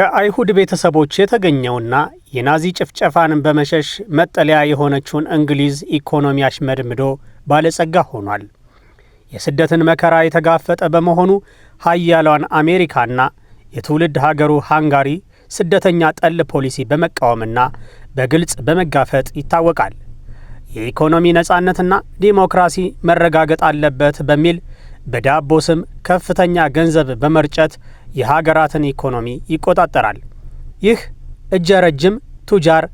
ከአይሁድ ቤተሰቦች የተገኘውና የናዚ ጭፍጨፋን በመሸሽ መጠለያ የሆነችውን እንግሊዝ ኢኮኖሚ አሽመድምዶ ባለጸጋ ሆኗል። የስደትን መከራ የተጋፈጠ በመሆኑ ሀያሏን አሜሪካና የትውልድ ሀገሩ ሃንጋሪ ስደተኛ ጠል ፖሊሲ በመቃወምና በግልጽ በመጋፈጥ ይታወቃል። የኢኮኖሚ ነጻነትና ዲሞክራሲ መረጋገጥ አለበት በሚል በዳቦ ስም ከፍተኛ ገንዘብ በመርጨት የሀገራትን ኢኮኖሚ ይቆጣጠራል። ይህ እጀ ረጅም ቱጃር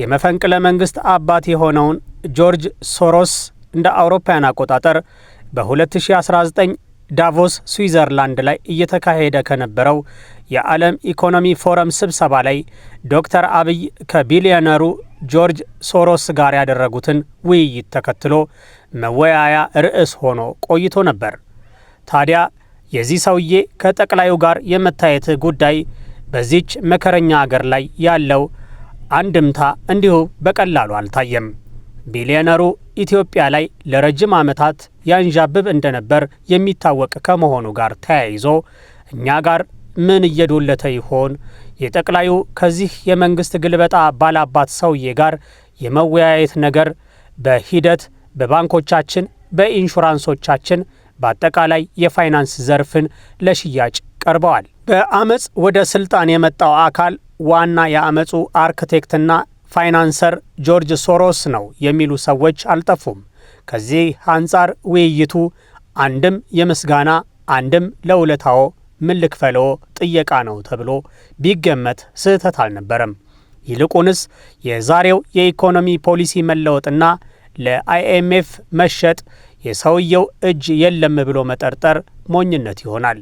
የመፈንቅለ መንግስት አባት የሆነውን ጆርጅ ሶሮስ እንደ አውሮፓውያን አቆጣጠር በ2019 ዳቮስ ስዊዘርላንድ ላይ እየተካሄደ ከነበረው የዓለም ኢኮኖሚ ፎረም ስብሰባ ላይ ዶክተር አብይ ከቢሊዮነሩ ጆርጅ ሶሮስ ጋር ያደረጉትን ውይይት ተከትሎ መወያያ ርዕስ ሆኖ ቆይቶ ነበር። ታዲያ የዚህ ሰውዬ ከጠቅላዩ ጋር የመታየት ጉዳይ በዚች መከረኛ አገር ላይ ያለው አንድምታ እንዲሁ በቀላሉ አልታየም። ቢሊዮነሩ ኢትዮጵያ ላይ ለረጅም ዓመታት ያንዣብብ እንደነበር የሚታወቅ ከመሆኑ ጋር ተያይዞ እኛ ጋር ምን እየዶለተ ይሆን? የጠቅላዩ ከዚህ የመንግስት ግልበጣ ባላባት ሰውዬ ጋር የመወያየት ነገር በሂደት በባንኮቻችን፣ በኢንሹራንሶቻችን በአጠቃላይ የፋይናንስ ዘርፍን ለሽያጭ ቀርበዋል። በአመፅ ወደ ስልጣን የመጣው አካል ዋና የአመፁ አርክቴክትና ፋይናንሰር ጆርጅ ሶሮስ ነው የሚሉ ሰዎች አልጠፉም። ከዚህ አንጻር ውይይቱ አንድም የምስጋና አንድም ለውለታዎ ምን ጥየቃ ነው ተብሎ ቢገመት ስህተት አልነበረም። ይልቁንስ የዛሬው የኢኮኖሚ ፖሊሲ መለወጥና ለአይኤምኤፍ መሸጥ የሰውየው እጅ የለም ብሎ መጠርጠር ሞኝነት ይሆናል።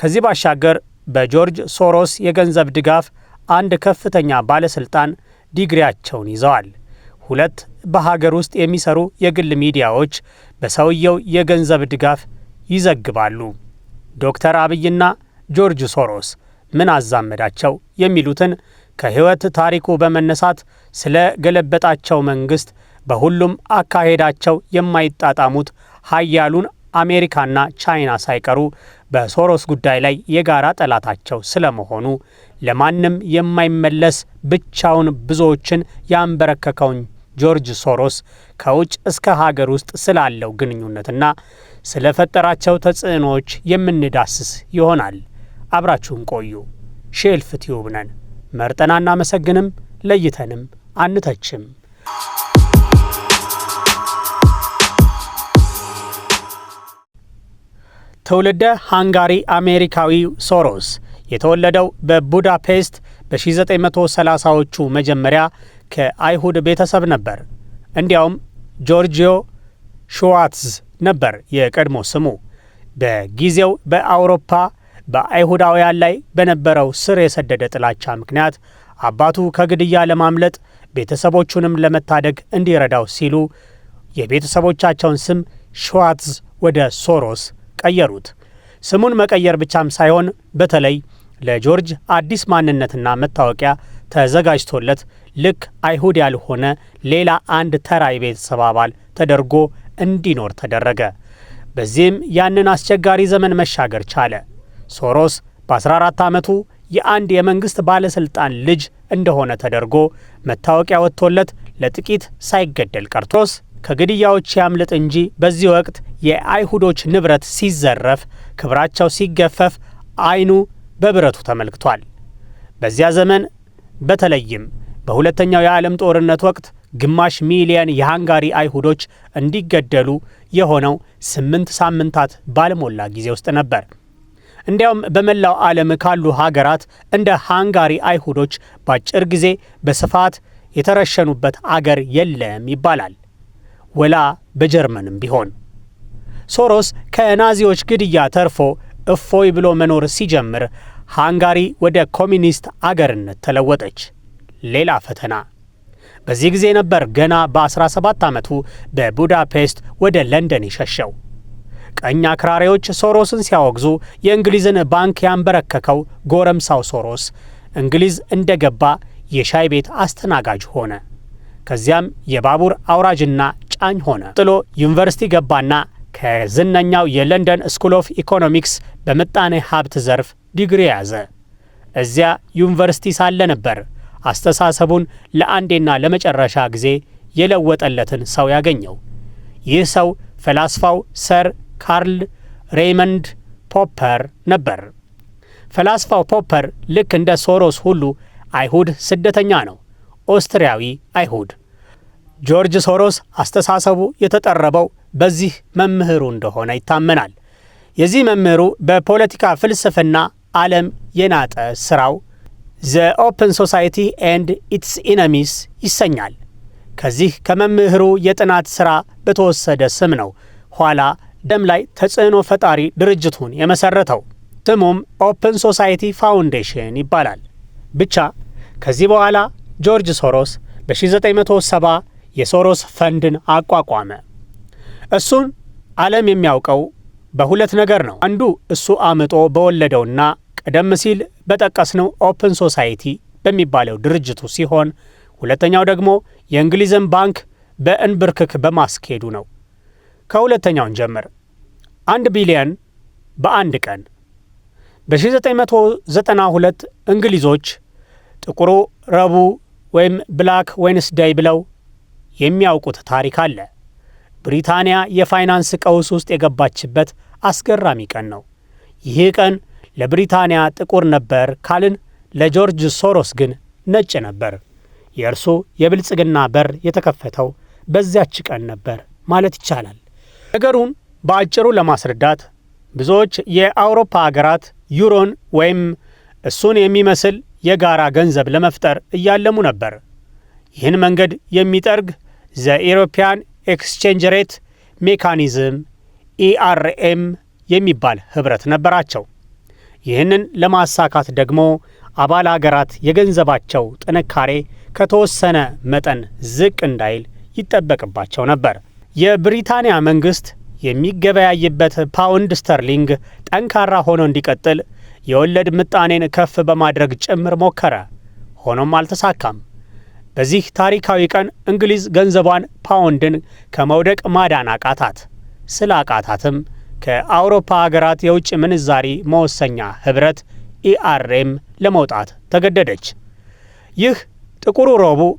ከዚህ ባሻገር በጆርጅ ሶሮስ የገንዘብ ድጋፍ አንድ ከፍተኛ ባለስልጣን ዲግሪያቸውን ይዘዋል። ሁለት በሀገር ውስጥ የሚሰሩ የግል ሚዲያዎች በሰውየው የገንዘብ ድጋፍ ይዘግባሉ። ዶክተር አብይና ጆርጅ ሶሮስ ምን አዛመዳቸው የሚሉትን ከሕይወት ታሪኩ በመነሳት ስለ ገለበጣቸው መንግሥት በሁሉም አካሄዳቸው የማይጣጣሙት ሀያሉን አሜሪካና ቻይና ሳይቀሩ በሶሮስ ጉዳይ ላይ የጋራ ጠላታቸው ስለመሆኑ ለማንም የማይመለስ ብቻውን ብዙዎችን ያንበረከከውን ጆርጅ ሶሮስ ከውጭ እስከ ሀገር ውስጥ ስላለው ግንኙነትና ስለፈጠራቸው ተጽዕኖዎች የምንዳስስ ይሆናል። አብራችሁን ቆዩ። ሼልፍ ቲዩብ ነን። መርጠን አናመሰግንም፣ ለይተንም አንተችም። ትውልደ ሃንጋሪ አሜሪካዊው ሶሮስ የተወለደው በቡዳፔስት በ1930ዎቹ መጀመሪያ ከአይሁድ ቤተሰብ ነበር። እንዲያውም ጆርጂዮ ሹዋትዝ ነበር የቀድሞ ስሙ። በጊዜው በአውሮፓ በአይሁዳውያን ላይ በነበረው ስር የሰደደ ጥላቻ ምክንያት አባቱ ከግድያ ለማምለጥ ቤተሰቦቹንም ለመታደግ እንዲረዳው ሲሉ የቤተሰቦቻቸውን ስም ሽዋትዝ ወደ ሶሮስ ቀየሩት። ስሙን መቀየር ብቻም ሳይሆን በተለይ ለጆርጅ አዲስ ማንነትና መታወቂያ ተዘጋጅቶለት ልክ አይሁድ ያልሆነ ሌላ አንድ ተራ የቤተሰብ አባል ተደርጎ እንዲኖር ተደረገ። በዚህም ያንን አስቸጋሪ ዘመን መሻገር ቻለ። ሶሮስ በ14 ዓመቱ የአንድ የመንግሥት ባለሥልጣን ልጅ እንደሆነ ተደርጎ መታወቂያ ወጥቶለት ለጥቂት ሳይገደል ቀርቶስ ከግድያዎች ያምልጥ እንጂ በዚህ ወቅት የአይሁዶች ንብረት ሲዘረፍ፣ ክብራቸው ሲገፈፍ አይኑ በብረቱ ተመልክቷል። በዚያ ዘመን በተለይም በሁለተኛው የዓለም ጦርነት ወቅት ግማሽ ሚሊየን የሃንጋሪ አይሁዶች እንዲገደሉ የሆነው ስምንት ሳምንታት ባልሞላ ጊዜ ውስጥ ነበር። እንዲያውም በመላው ዓለም ካሉ ሀገራት እንደ ሃንጋሪ አይሁዶች በአጭር ጊዜ በስፋት የተረሸኑበት አገር የለም ይባላል። ወላ በጀርመንም ቢሆን ሶሮስ ከናዚዎች ግድያ ተርፎ እፎይ ብሎ መኖር ሲጀምር ሃንጋሪ ወደ ኮሚኒስት አገርነት ተለወጠች። ሌላ ፈተና። በዚህ ጊዜ ነበር ገና በ17 ዓመቱ በቡዳፔስት ወደ ለንደን የሸሸው። ቀኝ አክራሪዎች ሶሮስን ሲያወግዙ የእንግሊዝን ባንክ ያንበረከከው ጎረምሳው ሶሮስ እንግሊዝ እንደገባ የሻይ ቤት አስተናጋጅ ሆነ። ከዚያም የባቡር አውራጅና ጫኝ ሆነ። ጥሎ ዩኒቨርሲቲ ገባና ከዝነኛው የለንደን ስኩል ኦፍ ኢኮኖሚክስ በምጣኔ ሀብት ዘርፍ ዲግሪ ያዘ። እዚያ ዩኒቨርሲቲ ሳለ ነበር አስተሳሰቡን ለአንዴና ለመጨረሻ ጊዜ የለወጠለትን ሰው ያገኘው። ይህ ሰው ፈላስፋው ሰር ካርል ሬይመንድ ፖፐር ነበር። ፈላስፋው ፖፐር ልክ እንደ ሶሮስ ሁሉ አይሁድ ስደተኛ ነው፣ ኦስትሪያዊ አይሁድ። ጆርጅ ሶሮስ አስተሳሰቡ የተጠረበው በዚህ መምህሩ እንደሆነ ይታመናል። የዚህ መምህሩ በፖለቲካ ፍልስፍና ዓለም የናጠ ሥራው ዘ ኦፕን ሶሳይቲ ኤንድ ኢትስ ኢነሚስ ይሰኛል። ከዚህ ከመምህሩ የጥናት ሥራ በተወሰደ ስም ነው ኋላ ደም ላይ ተጽዕኖ ፈጣሪ ድርጅቱን የመሠረተው። ስሙም ኦፕን ሶሳይቲ ፋውንዴሽን ይባላል። ብቻ ከዚህ በኋላ ጆርጅ ሶሮስ በ1970 የሶሮስ ፈንድን አቋቋመ። እሱን ዓለም የሚያውቀው በሁለት ነገር ነው። አንዱ እሱ አምጦ በወለደውና ቀደም ሲል በጠቀስነው ኦፕን ሶሳይቲ በሚባለው ድርጅቱ ሲሆን ሁለተኛው ደግሞ የእንግሊዝን ባንክ በእንብርክክ በማስኬዱ ነው። ከሁለተኛውን ጀምር። አንድ ቢሊየን በአንድ ቀን በ1992 እንግሊዞች ጥቁሩ ረቡዕ ወይም ብላክ ዳይ ብለው የሚያውቁት ታሪክ አለ። ብሪታንያ የፋይናንስ ቀውስ ውስጥ የገባችበት አስገራሚ ቀን ነው። ይህ ቀን ለብሪታንያ ጥቁር ነበር ካልን ለጆርጅ ሶሮስ ግን ነጭ ነበር። የእርሱ የብልጽግና በር የተከፈተው በዚያች ቀን ነበር ማለት ይቻላል። ነገሩን በአጭሩ ለማስረዳት ብዙዎች የአውሮፓ ሀገራት ዩሮን ወይም እሱን የሚመስል የጋራ ገንዘብ ለመፍጠር እያለሙ ነበር። ይህን መንገድ የሚጠርግ ዘኢሮፒያን ኤክስቼንጅ ሬት ሜካኒዝም ኢአርኤም የሚባል ህብረት ነበራቸው። ይህንን ለማሳካት ደግሞ አባል አገራት የገንዘባቸው ጥንካሬ ከተወሰነ መጠን ዝቅ እንዳይል ይጠበቅባቸው ነበር። የብሪታንያ መንግሥት የሚገበያይበት ፓውንድ ስተርሊንግ ጠንካራ ሆኖ እንዲቀጥል የወለድ ምጣኔን ከፍ በማድረግ ጭምር ሞከረ። ሆኖም አልተሳካም። በዚህ ታሪካዊ ቀን እንግሊዝ ገንዘቧን ፓውንድን ከመውደቅ ማዳን አቃታት። ስለ አቃታትም ከአውሮፓ ሀገራት የውጭ ምንዛሪ መወሰኛ ህብረት ኢአርኤም ለመውጣት ተገደደች። ይህ ጥቁሩ ረቡዕ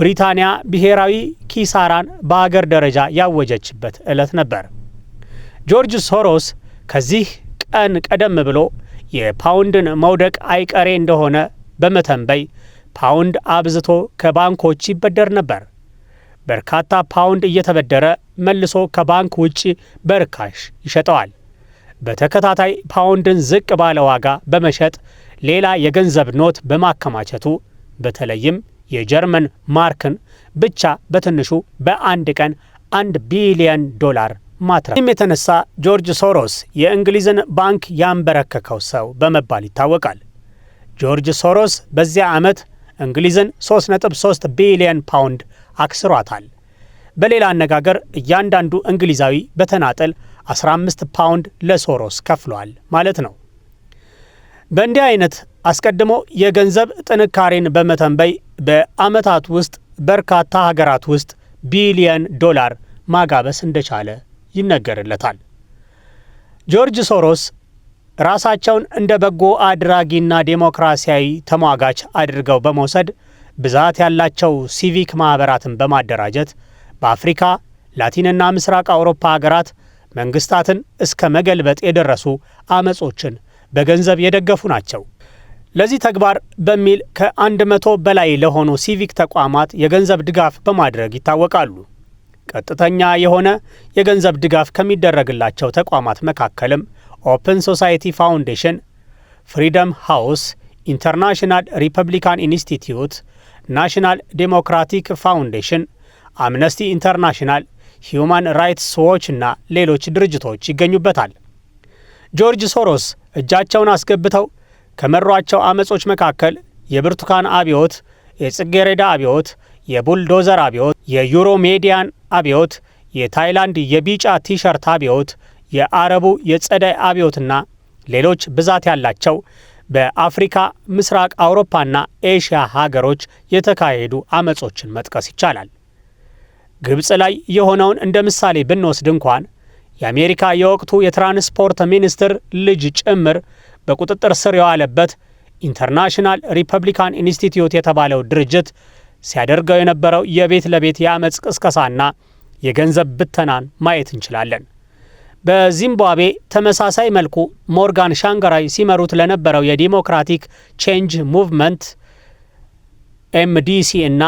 ብሪታንያ ብሔራዊ ኪሳራን በአገር ደረጃ ያወጀችበት ዕለት ነበር። ጆርጅ ሶሮስ ከዚህ ቀን ቀደም ብሎ የፓውንድን መውደቅ አይቀሬ እንደሆነ በመተንበይ ፓውንድ አብዝቶ ከባንኮች ይበደር ነበር። በርካታ ፓውንድ እየተበደረ መልሶ ከባንክ ውጪ በርካሽ ይሸጠዋል። በተከታታይ ፓውንድን ዝቅ ባለ ዋጋ በመሸጥ ሌላ የገንዘብ ኖት በማከማቸቱ በተለይም የጀርመን ማርክን ብቻ በትንሹ በአንድ ቀን አንድ ቢሊየን ዶላር ማትረፍ። የተነሳ ጆርጅ ሶሮስ የእንግሊዝን ባንክ ያንበረከከው ሰው በመባል ይታወቃል። ጆርጅ ሶሮስ በዚያ ዓመት እንግሊዝን 3.3 ቢሊዮን ፓውንድ አክስሯታል። በሌላ አነጋገር እያንዳንዱ እንግሊዛዊ በተናጠል 15 ፓውንድ ለሶሮስ ከፍሏል ማለት ነው። በእንዲህ አይነት አስቀድሞ የገንዘብ ጥንካሬን በመተንበይ በአመታት ውስጥ በርካታ ሀገራት ውስጥ ቢሊየን ዶላር ማጋበስ እንደቻለ ይነገርለታል። ጆርጅ ሶሮስ ራሳቸውን እንደ በጎ አድራጊና ዴሞክራሲያዊ ተሟጋች አድርገው በመውሰድ ብዛት ያላቸው ሲቪክ ማኅበራትን በማደራጀት በአፍሪካ ላቲንና ምስራቅ አውሮፓ አገራት መንግስታትን እስከ መገልበጥ የደረሱ አመጾችን በገንዘብ የደገፉ ናቸው። ለዚህ ተግባር በሚል ከአንድ መቶ በላይ ለሆኑ ሲቪክ ተቋማት የገንዘብ ድጋፍ በማድረግ ይታወቃሉ። ቀጥተኛ የሆነ የገንዘብ ድጋፍ ከሚደረግላቸው ተቋማት መካከልም ኦፕን ሶሳይቲ ፋውንዴሽን፣ ፍሪደም ሃውስ፣ ኢንተርናሽናል ሪፐብሊካን ኢንስቲትዩት፣ ናሽናል ዴሞክራቲክ ፋውንዴሽን፣ አምነስቲ ኢንተርናሽናል፣ ሂዩማን ራይትስ ዎች እና ሌሎች ድርጅቶች ይገኙበታል። ጆርጅ ሶሮስ እጃቸውን አስገብተው ከመሯቸው አመጾች መካከል የብርቱካን አብዮት፣ የጽጌሬዳ አብዮት፣ የቡልዶዘር አብዮት፣ የዩሮሜዲያን አብዮት፣ የታይላንድ የቢጫ ቲሸርት አብዮት፣ የአረቡ የጸደይ አብዮትና ሌሎች ብዛት ያላቸው በአፍሪካ ምስራቅ አውሮፓና ኤሽያ ሀገሮች የተካሄዱ አመጾችን መጥቀስ ይቻላል። ግብፅ ላይ የሆነውን እንደ ምሳሌ ብንወስድ እንኳን የአሜሪካ የወቅቱ የትራንስፖርት ሚኒስትር ልጅ ጭምር በቁጥጥር ስር የዋለበት ኢንተርናሽናል ሪፐብሊካን ኢንስቲትዩት የተባለው ድርጅት ሲያደርገው የነበረው የቤት ለቤት የአመፅ ቅስቀሳና የገንዘብ ብተናን ማየት እንችላለን። በዚምባብዌ ተመሳሳይ መልኩ ሞርጋን ሻንገራይ ሲመሩት ለነበረው የዲሞክራቲክ ቼንጅ ሙቭመንት ኤምዲሲ እና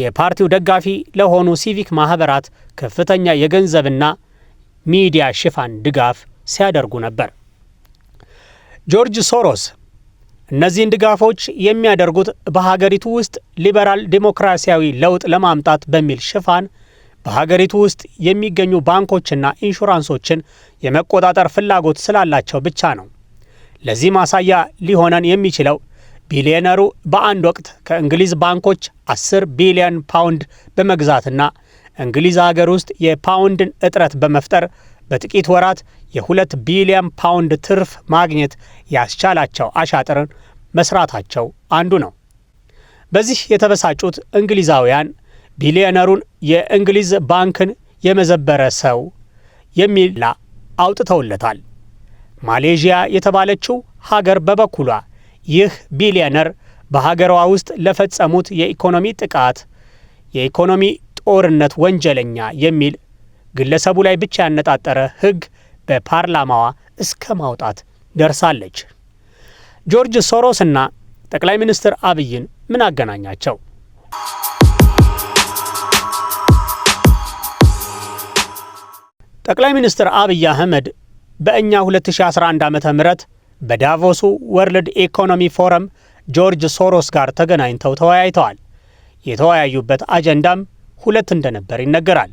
የፓርቲው ደጋፊ ለሆኑ ሲቪክ ማህበራት ከፍተኛ የገንዘብና ሚዲያ ሽፋን ድጋፍ ሲያደርጉ ነበር። ጆርጅ ሶሮስ እነዚህን ድጋፎች የሚያደርጉት በሀገሪቱ ውስጥ ሊበራል ዲሞክራሲያዊ ለውጥ ለማምጣት በሚል ሽፋን በሀገሪቱ ውስጥ የሚገኙ ባንኮችና ኢንሹራንሶችን የመቆጣጠር ፍላጎት ስላላቸው ብቻ ነው። ለዚህ ማሳያ ሊሆነን የሚችለው ቢሊዮነሩ በአንድ ወቅት ከእንግሊዝ ባንኮች 10 ቢሊዮን ፓውንድ በመግዛትና እንግሊዝ ሀገር ውስጥ የፓውንድን እጥረት በመፍጠር በጥቂት ወራት የሁለት ቢሊዮን ፓውንድ ትርፍ ማግኘት ያስቻላቸው አሻጥርን መስራታቸው አንዱ ነው። በዚህ የተበሳጩት እንግሊዛውያን ቢሊዮነሩን የእንግሊዝ ባንክን የመዘበረ ሰው የሚላ አውጥተውለታል። ማሌዥያ የተባለችው ሀገር በበኩሏ ይህ ቢሊዮነር በሀገሯ ውስጥ ለፈጸሙት የኢኮኖሚ ጥቃት የኢኮኖሚ ጦርነት ወንጀለኛ የሚል ግለሰቡ ላይ ብቻ ያነጣጠረ ሕግ በፓርላማዋ እስከ ማውጣት ደርሳለች። ጆርጅ እና ጠቅላይ ሚኒስትር አብይን ምን አገናኛቸው? ጠቅላይ ሚኒስትር አብይ አህመድ በእኛ 2011 ዓ ም በዳቮሱ ወርልድ ኢኮኖሚ ፎረም ጆርጅ ሶሮስ ጋር ተገናኝተው ተወያይተዋል። የተወያዩበት አጀንዳም ሁለት እንደነበር ይነገራል።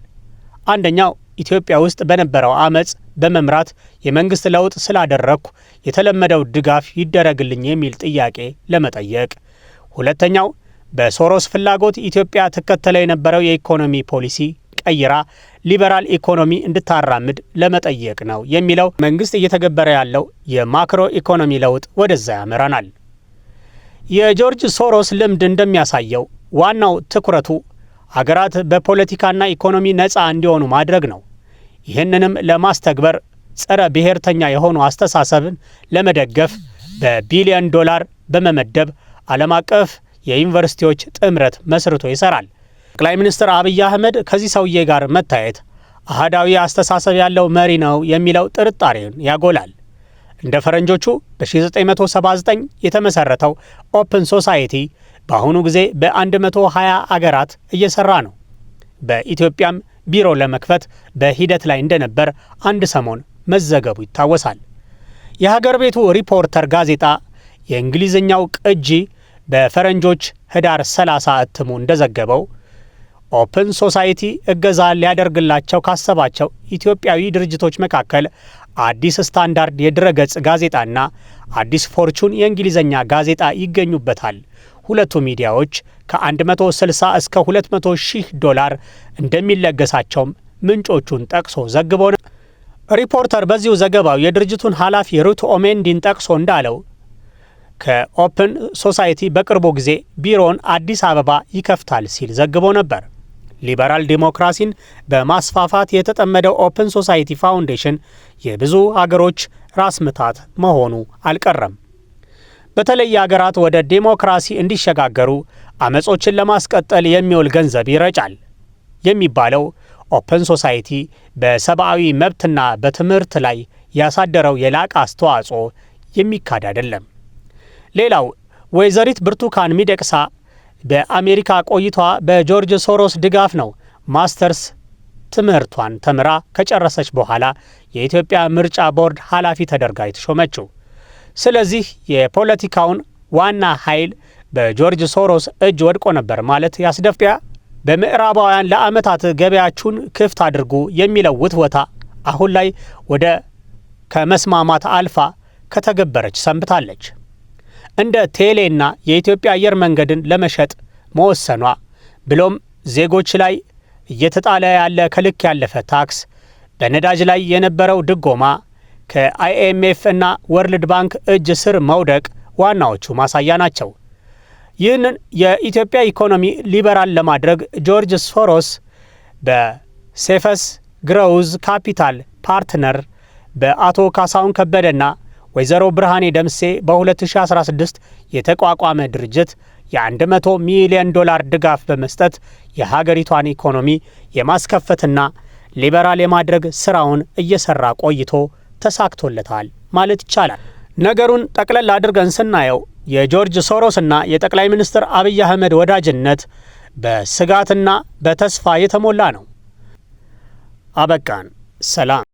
አንደኛው ኢትዮጵያ ውስጥ በነበረው አመፅ በመምራት የመንግሥት ለውጥ ስላደረግኩ የተለመደው ድጋፍ ይደረግልኝ የሚል ጥያቄ ለመጠየቅ፣ ሁለተኛው በሶሮስ ፍላጎት ኢትዮጵያ ትከተለው የነበረው የኢኮኖሚ ፖሊሲ ቀይራ ሊበራል ኢኮኖሚ እንድታራምድ ለመጠየቅ ነው የሚለው መንግስት እየተገበረ ያለው የማክሮ ኢኮኖሚ ለውጥ ወደዛ ያመራናል። የጆርጅ ሶሮስ ልምድ እንደሚያሳየው ዋናው ትኩረቱ አገራት በፖለቲካና ኢኮኖሚ ነፃ እንዲሆኑ ማድረግ ነው። ይህንንም ለማስተግበር ጸረ ብሔርተኛ የሆኑ አስተሳሰብን ለመደገፍ በቢሊዮን ዶላር በመመደብ ዓለም አቀፍ የዩኒቨርሲቲዎች ጥምረት መስርቶ ይሰራል። ጠቅላይ ሚኒስትር አብይ አህመድ ከዚህ ሰውዬ ጋር መታየት አህዳዊ አስተሳሰብ ያለው መሪ ነው የሚለው ጥርጣሬውን ያጎላል። እንደ ፈረንጆቹ በ1979 የተመሰረተው ኦፕን ሶሳይቲ በአሁኑ ጊዜ በ120 አገራት እየሰራ ነው። በኢትዮጵያም ቢሮ ለመክፈት በሂደት ላይ እንደነበር አንድ ሰሞን መዘገቡ ይታወሳል። የሀገር ቤቱ ሪፖርተር ጋዜጣ የእንግሊዝኛው ቅጂ በፈረንጆች ህዳር 30 እትሙ እንደዘገበው ኦፕን ሶሳይቲ እገዛ ሊያደርግላቸው ካሰባቸው ኢትዮጵያዊ ድርጅቶች መካከል አዲስ ስታንዳርድ የድረገጽ ጋዜጣና አዲስ ፎርቹን የእንግሊዝኛ ጋዜጣ ይገኙበታል። ሁለቱ ሚዲያዎች ከ160 እስከ 200 ሺህ ዶላር እንደሚለገሳቸውም ምንጮቹን ጠቅሶ ዘግቦ ነ ሪፖርተር በዚሁ ዘገባው የድርጅቱን ኃላፊ ሩት ኦሜንዲን ጠቅሶ እንዳለው ከኦፕን ሶሳይቲ በቅርቡ ጊዜ ቢሮውን አዲስ አበባ ይከፍታል ሲል ዘግቦ ነበር። ሊበራል ዲሞክራሲን በማስፋፋት የተጠመደው ኦፕን ሶሳይቲ ፋውንዴሽን የብዙ አገሮች ራስ ምታት መሆኑ አልቀረም። በተለይ አገራት ወደ ዲሞክራሲ እንዲሸጋገሩ አመጾችን ለማስቀጠል የሚውል ገንዘብ ይረጫል የሚባለው ኦፕን ሶሳይቲ በሰብአዊ መብትና በትምህርት ላይ ያሳደረው የላቀ አስተዋጽኦ የሚካድ አይደለም። ሌላው ወይዘሪት ብርቱካን ሚደቅሳ በአሜሪካ ቆይቷ በጆርጅ ሶሮስ ድጋፍ ነው ማስተርስ ትምህርቷን ተምራ ከጨረሰች በኋላ የኢትዮጵያ ምርጫ ቦርድ ኃላፊ ተደርጋ የተሾመችው። ስለዚህ የፖለቲካውን ዋና ኃይል በጆርጅ ሶሮስ እጅ ወድቆ ነበር ማለት ያስደፍያ። በምዕራባውያን ለዓመታት ገበያችሁን ክፍት አድርጉ የሚለው ውትወታ አሁን ላይ ወደ ከመስማማት አልፋ ከተገበረች ሰንብታለች። እንደ ቴሌና የኢትዮጵያ አየር መንገድን ለመሸጥ መወሰኗ ብሎም ዜጎች ላይ እየተጣለ ያለ ከልክ ያለፈ ታክስ፣ በነዳጅ ላይ የነበረው ድጎማ፣ ከአይኤምኤፍ እና ወርልድ ባንክ እጅ ስር መውደቅ ዋናዎቹ ማሳያ ናቸው። ይህንን የኢትዮጵያ ኢኮኖሚ ሊበራል ለማድረግ ጆርጅ ሶሮስ በሴፈስ ግረውዝ ካፒታል ፓርትነር በአቶ ካሳሁን ከበደና ወይዘሮ ብርሃኔ ደምሴ በ2016 የተቋቋመ ድርጅት የ100 ሚሊዮን ዶላር ድጋፍ በመስጠት የሀገሪቷን ኢኮኖሚ የማስከፈትና ሊበራል የማድረግ ስራውን እየሰራ ቆይቶ ተሳክቶለታል ማለት ይቻላል። ነገሩን ጠቅለል አድርገን ስናየው የጆርጅ ሶሮስና የጠቅላይ ሚኒስትር አብይ አህመድ ወዳጅነት በስጋትና በተስፋ የተሞላ ነው። አበቃን። ሰላም።